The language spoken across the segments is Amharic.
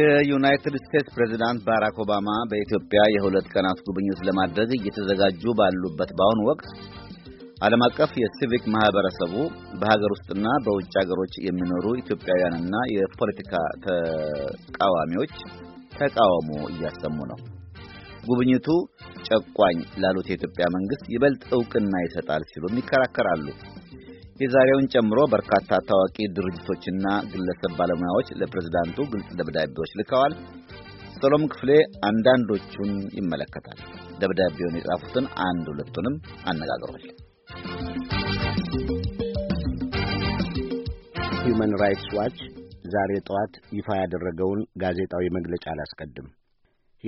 የዩናይትድ ስቴትስ ፕሬዚዳንት ባራክ ኦባማ በኢትዮጵያ የሁለት ቀናት ጉብኝት ለማድረግ እየተዘጋጁ ባሉበት በአሁኑ ወቅት ዓለም አቀፍ የሲቪክ ማህበረሰቡ በሀገር ውስጥና በውጭ ሀገሮች የሚኖሩ ኢትዮጵያውያንና የፖለቲካ ተቃዋሚዎች ተቃውሞ እያሰሙ ነው። ጉብኝቱ ጨቋኝ ላሉት የኢትዮጵያ መንግስት ይበልጥ እውቅና ይሰጣል ሲሉም ይከራከራሉ። የዛሬውን ጨምሮ በርካታ ታዋቂ ድርጅቶችና ግለሰብ ባለሙያዎች ለፕሬዝዳንቱ ግልጽ ደብዳቤዎች ልከዋል። ሰሎም ክፍሌ አንዳንዶቹን ይመለከታል። ደብዳቤውን የጻፉትን አንድ ሁለቱንም አነጋግሯል። ሁማን ራይትስ ዋች ዛሬ ጠዋት ይፋ ያደረገውን ጋዜጣዊ መግለጫ አላስቀድም።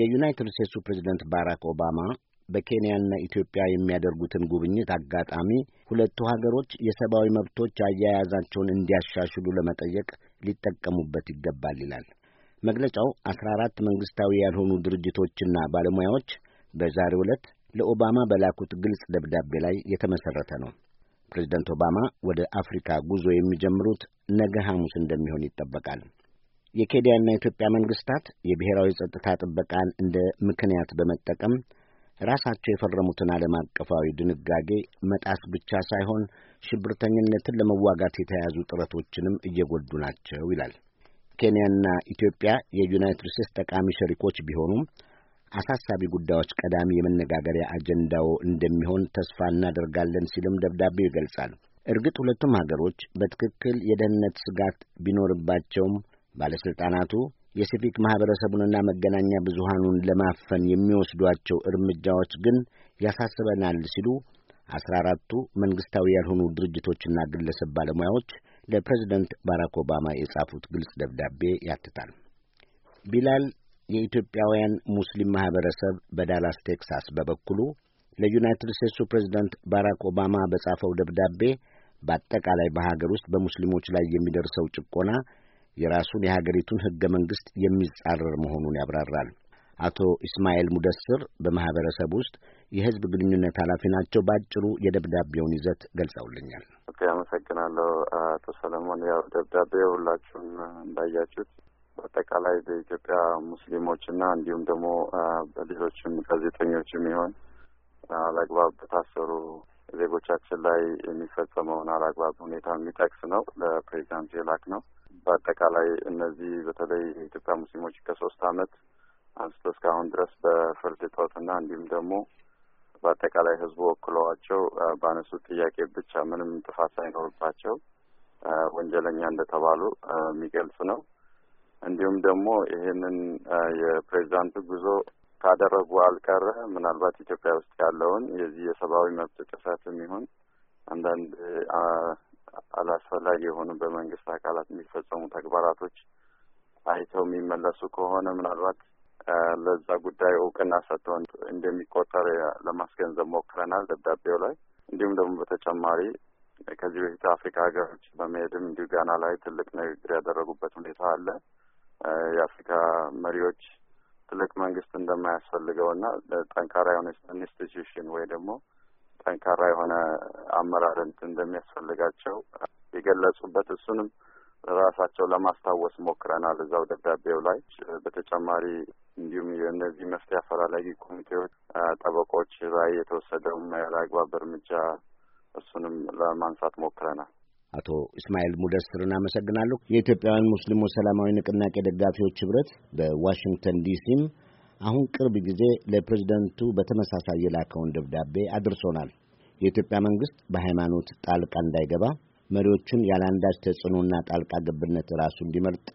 የዩናይትድ ስቴትሱ ፕሬዝደንት ባራክ ኦባማ በኬንያና ኢትዮጵያ የሚያደርጉትን ጉብኝት አጋጣሚ ሁለቱ ሀገሮች የሰብአዊ መብቶች አያያዛቸውን እንዲያሻሽሉ ለመጠየቅ ሊጠቀሙበት ይገባል ይላል መግለጫው። አስራ አራት መንግስታዊ ያልሆኑ ድርጅቶችና ባለሙያዎች በዛሬው ዕለት ለኦባማ በላኩት ግልጽ ደብዳቤ ላይ የተመሠረተ ነው። ፕሬዚደንት ኦባማ ወደ አፍሪካ ጉዞ የሚጀምሩት ነገ ሐሙስ እንደሚሆን ይጠበቃል። የኬንያና ኢትዮጵያ መንግስታት የብሔራዊ ጸጥታ ጥበቃን እንደ ምክንያት በመጠቀም ራሳቸው የፈረሙትን ዓለም አቀፋዊ ድንጋጌ መጣስ ብቻ ሳይሆን ሽብርተኝነትን ለመዋጋት የተያዙ ጥረቶችንም እየጎዱ ናቸው ይላል። ኬንያና ኢትዮጵያ የዩናይትድ ስቴትስ ጠቃሚ ሸሪኮች ቢሆኑም አሳሳቢ ጉዳዮች ቀዳሚ የመነጋገሪያ አጀንዳው እንደሚሆን ተስፋ እናደርጋለን ሲልም ደብዳቤው ይገልጻል። እርግጥ ሁለቱም ሀገሮች በትክክል የደህንነት ስጋት ቢኖርባቸውም ባለሥልጣናቱ የሲቪክ ማኅበረሰቡንና መገናኛ ብዙሃኑን ለማፈን የሚወስዷቸው እርምጃዎች ግን ያሳስበናል ሲሉ አስራ አራቱ መንግሥታዊ ያልሆኑ ድርጅቶችና ግለሰብ ባለሙያዎች ለፕሬዚደንት ባራክ ኦባማ የጻፉት ግልጽ ደብዳቤ ያትታል። ቢላል የኢትዮጵያውያን ሙስሊም ማኅበረሰብ በዳላስ ቴክሳስ በበኩሉ ለዩናይትድ ስቴትሱ ፕሬዚደንት ባራክ ኦባማ በጻፈው ደብዳቤ በአጠቃላይ በሀገር ውስጥ በሙስሊሞች ላይ የሚደርሰው ጭቆና የራሱን የሀገሪቱን ህገ መንግስት የሚጻረር መሆኑን ያብራራል። አቶ ኢስማኤል ሙደስር በማህበረሰብ ውስጥ የህዝብ ግንኙነት ኃላፊ ናቸው። በአጭሩ የደብዳቤውን ይዘት ገልጸውልኛል። አመሰግናለሁ አቶ ሰለሞን። ያው ደብዳቤ ሁላችሁም እንዳያችሁት በአጠቃላይ በኢትዮጵያ ሙስሊሞችና እንዲሁም ደግሞ በሌሎችም ጋዜጠኞችም ይሆን አላግባብ በታሰሩ ዜጎቻችን ላይ የሚፈጸመውን አላግባብ ሁኔታ የሚጠቅስ ነው። ለፕሬዚዳንት የላክ ነው። በአጠቃላይ እነዚህ በተለይ የኢትዮጵያ ሙስሊሞች ከሶስት አመት አንስቶ እስካሁን ድረስ በፍርድ እጦትና እንዲሁም ደግሞ በአጠቃላይ ህዝቡ ወክለዋቸው ባነሱ ጥያቄ ብቻ ምንም ጥፋት ሳይኖርባቸው ወንጀለኛ እንደተባሉ የሚገልጽ ነው። እንዲሁም ደግሞ ይህንን የፕሬዚዳንቱ ጉዞ ካደረጉ አልቀረ ምናልባት ኢትዮጵያ ውስጥ ያለውን የዚህ የሰብአዊ መብት ጥሰትም ይሁን አንዳንድ አላስፈላጊ የሆኑ በመንግስት አካላት የሚፈጸሙ ተግባራቶች አይተው የሚመለሱ ከሆነ ምናልባት ለዛ ጉዳይ እውቅና ሰጥተው እንደሚቆጠር ለማስገንዘብ ሞክረናል ደብዳቤው ላይ። እንዲሁም ደግሞ በተጨማሪ ከዚህ በፊት አፍሪካ ሀገሮች በመሄድም እንዲሁ ጋና ላይ ትልቅ ንግግር ያደረጉበት ሁኔታ አለ። የአፍሪካ መሪዎች ትልቅ መንግስት እንደማያስፈልገውና ጠንካራ የሆነ ኢንስቲትዩሽን ወይ ደግሞ ጠንካራ የሆነ አመራር እንትን እንደሚያስፈልጋቸው የገለጹበት እሱንም ራሳቸው ለማስታወስ ሞክረናል እዛው ደብዳቤው ላይ በተጨማሪ እንዲሁም የእነዚህ መፍትሄ አፈላላጊ ኮሚቴዎች ጠበቆች ላይ የተወሰደውም ያለ አግባብ እርምጃ እሱንም ለማንሳት ሞክረናል። አቶ እስማኤል ሙደስትርን አመሰግናለሁ። የኢትዮጵያውያን ሙስሊሞች ሰላማዊ ንቅናቄ ደጋፊዎች ህብረት በዋሽንግተን ዲሲም አሁን ቅርብ ጊዜ ለፕሬዚደንቱ በተመሳሳይ የላከውን ደብዳቤ አድርሶናል። የኢትዮጵያ መንግስት በሃይማኖት ጣልቃ እንዳይገባ፣ መሪዎቹን ያለአንዳች ተጽዕኖና ጣልቃ ገብነት ራሱ እንዲመርጥ፣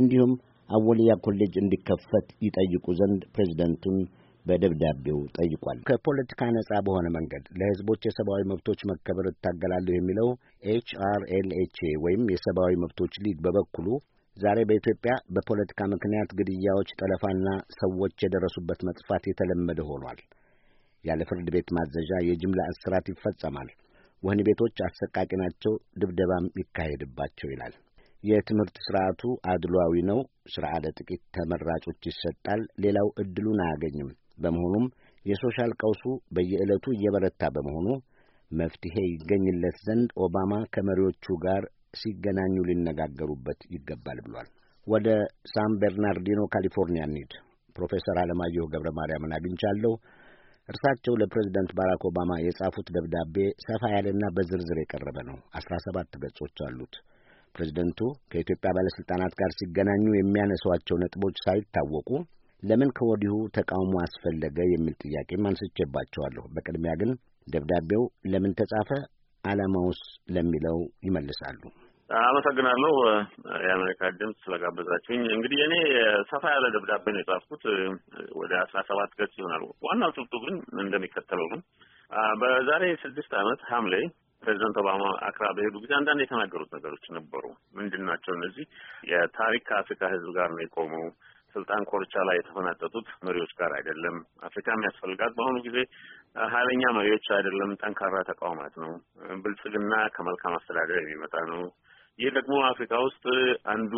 እንዲሁም አወልያ ኮሌጅ እንዲከፈት ይጠይቁ ዘንድ ፕሬዚደንቱን በደብዳቤው ጠይቋል። ከፖለቲካ ነጻ በሆነ መንገድ ለህዝቦች የሰብአዊ መብቶች መከበር እታገላለሁ የሚለው ኤች አር ኤል ኤች ኤ ወይም የሰብአዊ መብቶች ሊግ በበኩሉ ዛሬ በኢትዮጵያ በፖለቲካ ምክንያት ግድያዎች፣ ጠለፋና ሰዎች የደረሱበት መጥፋት የተለመደ ሆኗል። ያለ ፍርድ ቤት ማዘዣ የጅምላ እስራት ይፈጸማል። ወህኒ ቤቶች አሰቃቂ ናቸው፣ ድብደባም ይካሄድባቸው ይላል። የትምህርት ስርዓቱ አድሏዊ ነው። ስራ ለጥቂት ተመራጮች ይሰጣል፣ ሌላው እድሉን አያገኝም። በመሆኑም የሶሻል ቀውሱ በየዕለቱ እየበረታ በመሆኑ መፍትሄ ይገኝለት ዘንድ ኦባማ ከመሪዎቹ ጋር ሲገናኙ ሊነጋገሩበት ይገባል ብሏል። ወደ ሳን በርናርዲኖ ካሊፎርኒያ እንሂድ። ፕሮፌሰር አለማየሁ ገብረ ማርያምን አግኝቻለሁ። እርሳቸው ለፕሬዚደንት ባራክ ኦባማ የጻፉት ደብዳቤ ሰፋ ያለና በዝርዝር የቀረበ ነው። አስራ ሰባት ገጾች አሉት። ፕሬዚደንቱ ከኢትዮጵያ ባለሥልጣናት ጋር ሲገናኙ የሚያነሷቸው ነጥቦች ሳይታወቁ ለምን ከወዲሁ ተቃውሞ አስፈለገ የሚል ጥያቄም አንስቼባቸዋለሁ። በቅድሚያ ግን ደብዳቤው ለምን ተጻፈ? ዓላማውስ ለሚለው ይመልሳሉ። አመሰግናለሁ። የአሜሪካ ድምፅ ስለጋበዛችሁኝ። እንግዲህ እኔ ሰፋ ያለ ደብዳቤ ነው የጻፍኩት ወደ አስራ ሰባት ገጽ ይሆናል። ዋናው ጭብጡ ግን እንደሚከተለው ነው። በዛሬ ስድስት ዓመት ሐምሌ ፕሬዚደንት ኦባማ አክራ በሄዱ ጊዜ አንዳንድ የተናገሩት ነገሮች ነበሩ። ምንድን ናቸው እነዚህ? የታሪክ ከአፍሪካ ህዝብ ጋር ነው የቆመው ስልጣን ኮርቻ ላይ የተፈናጠጡት መሪዎች ጋር አይደለም። አፍሪካ የሚያስፈልጋት በአሁኑ ጊዜ ኃይለኛ መሪዎች አይደለም፣ ጠንካራ ተቋማት ነው። ብልጽግና ከመልካም አስተዳደር የሚመጣ ነው። ይህ ደግሞ አፍሪካ ውስጥ አንዱ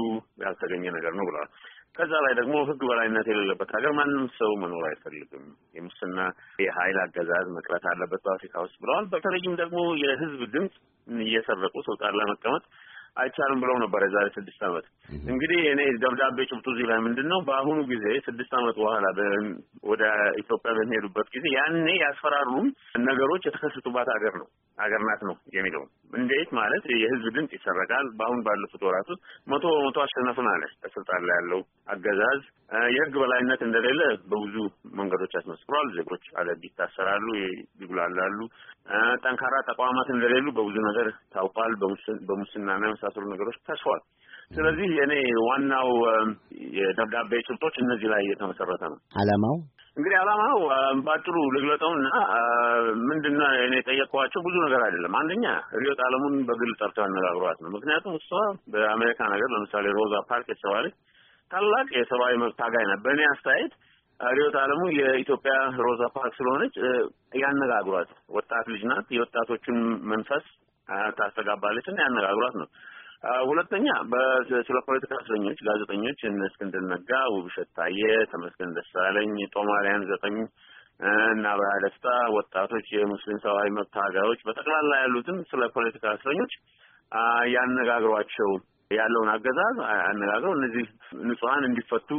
ያልተገኘ ነገር ነው ብለዋል። ከዛ ላይ ደግሞ ሕግ በላይነት የሌለበት ሀገር ማንም ሰው መኖር አይፈልግም። የሙስና የኃይል አገዛዝ መቅረት አለበት በአፍሪካ ውስጥ ብለዋል። በተለይም ደግሞ የሕዝብ ድምፅ እየሰረቁ ስልጣን ለመቀመጥ አይቻልም ብለው ነበር የዛሬ ስድስት ዓመት። እንግዲህ እኔ ደብዳቤ ጭብጡ እዚህ ላይ ምንድን ነው፣ በአሁኑ ጊዜ ስድስት አመት በኋላ ወደ ኢትዮጵያ በሚሄዱበት ጊዜ ያኔ ያስፈራሩን ነገሮች የተከሰቱባት ሀገር ነው። ሀገር ናት ነው የሚለው። እንዴት ማለት የህዝብ ድምፅ ይሰረቃል። በአሁን ባለፉት ወራት ውስጥ መቶ በመቶ አሸነፍን አለ በስልጣን ላይ ያለው አገዛዝ። የህግ በላይነት እንደሌለ በብዙ መንገዶች አስመስክሯል። ዜጎች አለብ ይታሰራሉ፣ ይጉላላሉ። ጠንካራ ተቋማት እንደሌሉ በብዙ ነገር ታውቋል። በሙስናና የመሳሰሉ ነገሮች ተስፏል። ስለዚህ እኔ ዋናው የደብዳቤ ጭብጦች እነዚህ ላይ የተመሰረተ ነው አላማው እንግዲህ ዓላማው በአጭሩ ልግለጠውና ምንድነው እኔ የጠየቅኳቸው ብዙ ነገር አይደለም። አንደኛ ሪዮት አለሙን በግል ጠርቶ ያነጋግሯት ነው። ምክንያቱም እሷ በአሜሪካ ነገር ለምሳሌ ሮዛ ፓርክ የተባለች ታላቅ የሰብአዊ መብት ታጋይ ናት። በእኔ አስተያየት ሪዮት አለሙ የኢትዮጵያ ሮዛ ፓርክ ስለሆነች ያነጋግሯት። ወጣት ልጅ ናት። የወጣቶችን መንፈስ ታስተጋባለች እና ያነጋግሯት ነው ሁለተኛ በስለ ፖለቲካ እስረኞች ጋዜጠኞች እነ እስክንድር ነጋ፣ ውብሸት ታዬ፣ ተመስገን ደሳለኝ፣ ጦማሪያን ዘጠኝ እና ብርሃ ወጣቶች፣ የሙስሊም ሰብአዊ መብት ታጋዮች በጠቅላላ ያሉትን ስለ ፖለቲካ እስረኞች ያነጋግሯቸው ያለውን አገዛዝ አነጋግረው እነዚህ ንጹሀን እንዲፈቱ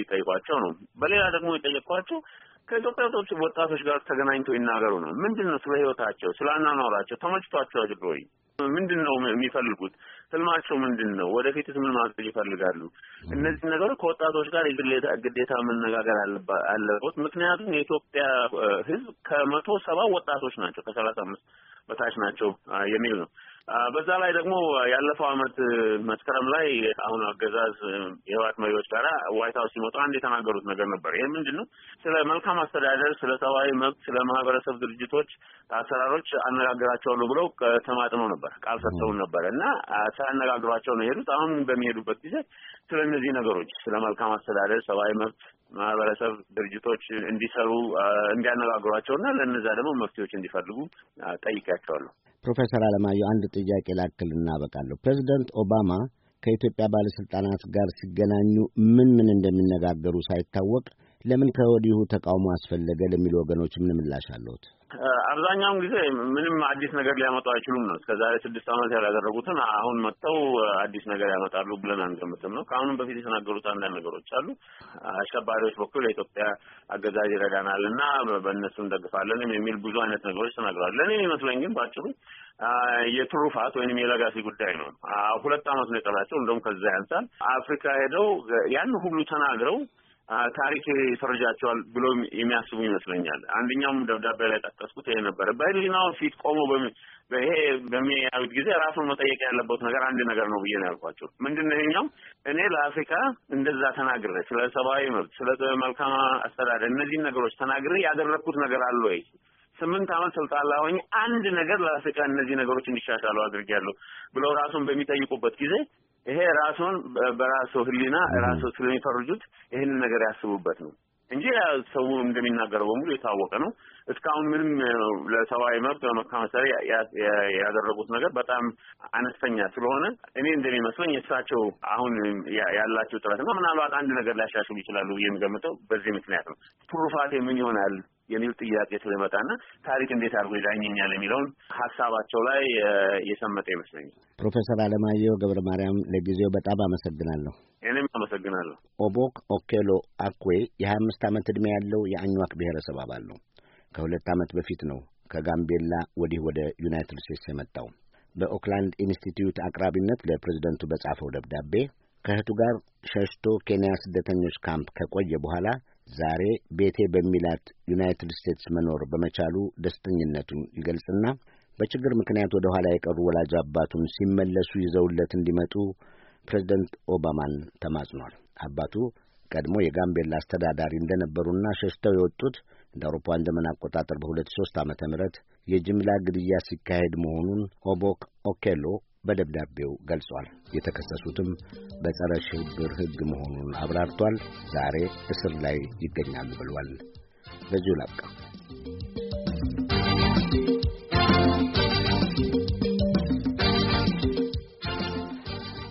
ይጠይቋቸው ነው። በሌላ ደግሞ የጠየቅኳቸው ከኢትዮጵያ ወጣቶች ጋር ተገናኝተው ይናገሩ ነው። ምንድን ነው ስለ ህይወታቸው፣ ስለ አናኗራቸው ተመችቷቸው አድሮ ወይ ምንድን ነው የሚፈልጉት? ህልማቸው ምንድን ነው? ወደፊትስ ምን ማድረግ ይፈልጋሉ? እነዚህ ነገሮች ከወጣቶች ጋር ግዴታ መነጋገር አለበት። ምክንያቱም የኢትዮጵያ ህዝብ ከመቶ ሰባ ወጣቶች ናቸው ከሰላሳ አምስት በታች ናቸው የሚል ነው። በዛ ላይ ደግሞ ያለፈው ዓመት መስከረም ላይ አሁን አገዛዝ የህወሓት መሪዎች ጋር ዋይት ሀውስ ሲመጡ አንድ የተናገሩት ነገር ነበር። ይህ ምንድን ነው? ስለ መልካም አስተዳደር፣ ስለ ሰብአዊ መብት፣ ስለ ማህበረሰብ ድርጅቶች አሰራሮች አነጋግራቸዋለሁ ብለው ተማጥነው ነበር፣ ቃል ሰጥተውን ነበር እና ሳያነጋግሯቸው ነው የሄዱት። አሁን በሚሄዱበት ጊዜ ስለ እነዚህ ነገሮች ስለ መልካም አስተዳደር፣ ሰብአዊ መብት ማህበረሰብ ድርጅቶች እንዲሰሩ እንዲያነጋግሯቸውና ለእነዚያ ደግሞ መፍትሄዎች እንዲፈልጉ ጠይቄያቸዋለሁ። ፕሮፌሰር አለማየሁ አንድ ጥያቄ ላክል እናበቃለሁ። ፕሬዚደንት ኦባማ ከኢትዮጵያ ባለሥልጣናት ጋር ሲገናኙ ምን ምን እንደሚነጋገሩ ሳይታወቅ ለምን ከወዲሁ ተቃውሞ አስፈለገ ለሚሉ ወገኖች ምን ምላሽ አለዎት? አብዛኛውን ጊዜ ምንም አዲስ ነገር ሊያመጡ አይችሉም ነው። እስከዛሬ ስድስት ዓመት ያላደረጉትን አሁን መጥተው አዲስ ነገር ያመጣሉ ብለን አንገምትም ነው። ከአሁኑም በፊት የተናገሩት አንዳንድ ነገሮች አሉ። አሸባሪዎች በኩል የኢትዮጵያ አገዛዝ ይረዳናል እና በእነሱ እንደግፋለንም የሚል ብዙ አይነት ነገሮች ተናግረዋል። ለእኔ የሚመስለኝ ግን በአጭሩ የትሩፋት ወይም የለጋሲ ጉዳይ ነው። ሁለት ዓመት ነው የቀራቸው። እንደውም ከዛ ያንሳል። አፍሪካ ሄደው ያን ሁሉ ተናግረው ታሪክ ይፈርጃቸዋል ብሎ የሚያስቡ ይመስለኛል። አንደኛውም ደብዳቤ ላይ ጠቀስኩት ይሄ ነበረ። በህሊናው ፊት ቆሞ ይሄ በሚያዩት ጊዜ ራሱን መጠየቅ ያለበት ነገር አንድ ነገር ነው ብዬ ነው ያልኳቸው። ምንድን ነው ይሄኛው? እኔ ለአፍሪካ እንደዛ ተናግሬ ስለ ሰብአዊ መብት፣ ስለ መልካም አስተዳደር እነዚህን ነገሮች ተናግሬ ያደረግኩት ነገር አለ ወይ? ስምንት ዓመት ስልጣን ላይ ሆኜ አንድ ነገር ለአፍሪካ እነዚህ ነገሮች እንዲሻሻሉ አድርጌያለሁ ብለው ራሱን በሚጠይቁበት ጊዜ ይሄ ራሱን በራሱ ህሊና ራሱ ስለሚፈርጁት ይህንን ነገር ያስቡበት ነው እንጂ ሰው እንደሚናገረው በሙሉ የታወቀ ነው። እስካሁን ምንም ለሰብአዊ መብት በመካመሰሪ ያደረጉት ነገር በጣም አነስተኛ ስለሆነ እኔ እንደሚመስለኝ እሳቸው አሁን ያላቸው ጥረት ነው። ምናልባት አንድ ነገር ሊያሻሽሉ ይችላሉ ብዬ የሚገምተው በዚህ ምክንያት ነው። ትሩፋቴ ምን ይሆናል የሚል ጥያቄ ስለመጣና ታሪክ እንዴት አድርጎ ይዳኘኛል የሚለውን ሀሳባቸው ላይ የሰመጠ ይመስለኛል። ፕሮፌሰር አለማየሁ ገብረ ማርያም ለጊዜው በጣም አመሰግናለሁ። እኔም አመሰግናለሁ። ኦቦክ ኦኬሎ አኩዌ የሀያ አምስት ዓመት ዕድሜ ያለው የአኟክ ብሔረሰብ አባል ነው። ከሁለት ዓመት በፊት ነው ከጋምቤላ ወዲህ ወደ ዩናይትድ ስቴትስ የመጣው። በኦክላንድ ኢንስቲትዩት አቅራቢነት ለፕሬዚደንቱ በጻፈው ደብዳቤ ከእህቱ ጋር ሸሽቶ ኬንያ ስደተኞች ካምፕ ከቆየ በኋላ ዛሬ ቤቴ በሚላት ዩናይትድ ስቴትስ መኖር በመቻሉ ደስተኝነቱን ይገልጽና በችግር ምክንያት ወደ ኋላ የቀሩ ወላጅ አባቱን ሲመለሱ ይዘውለት እንዲመጡ ፕሬዝደንት ኦባማን ተማጽኗል። አባቱ ቀድሞ የጋምቤላ አስተዳዳሪ እንደነበሩና ሸሽተው የወጡት እንደ አውሮፓውያን ዘመን አቆጣጠር በ2003 ም የጅምላ ግድያ ሲካሄድ መሆኑን ሆቦክ ኦኬሎ በደብዳቤው ገልጿል። የተከሰሱትም በጸረ ሽብር ሕግ መሆኑን አብራርቷል። ዛሬ እስር ላይ ይገኛሉ ብሏል። በዚሁ ላብቃ።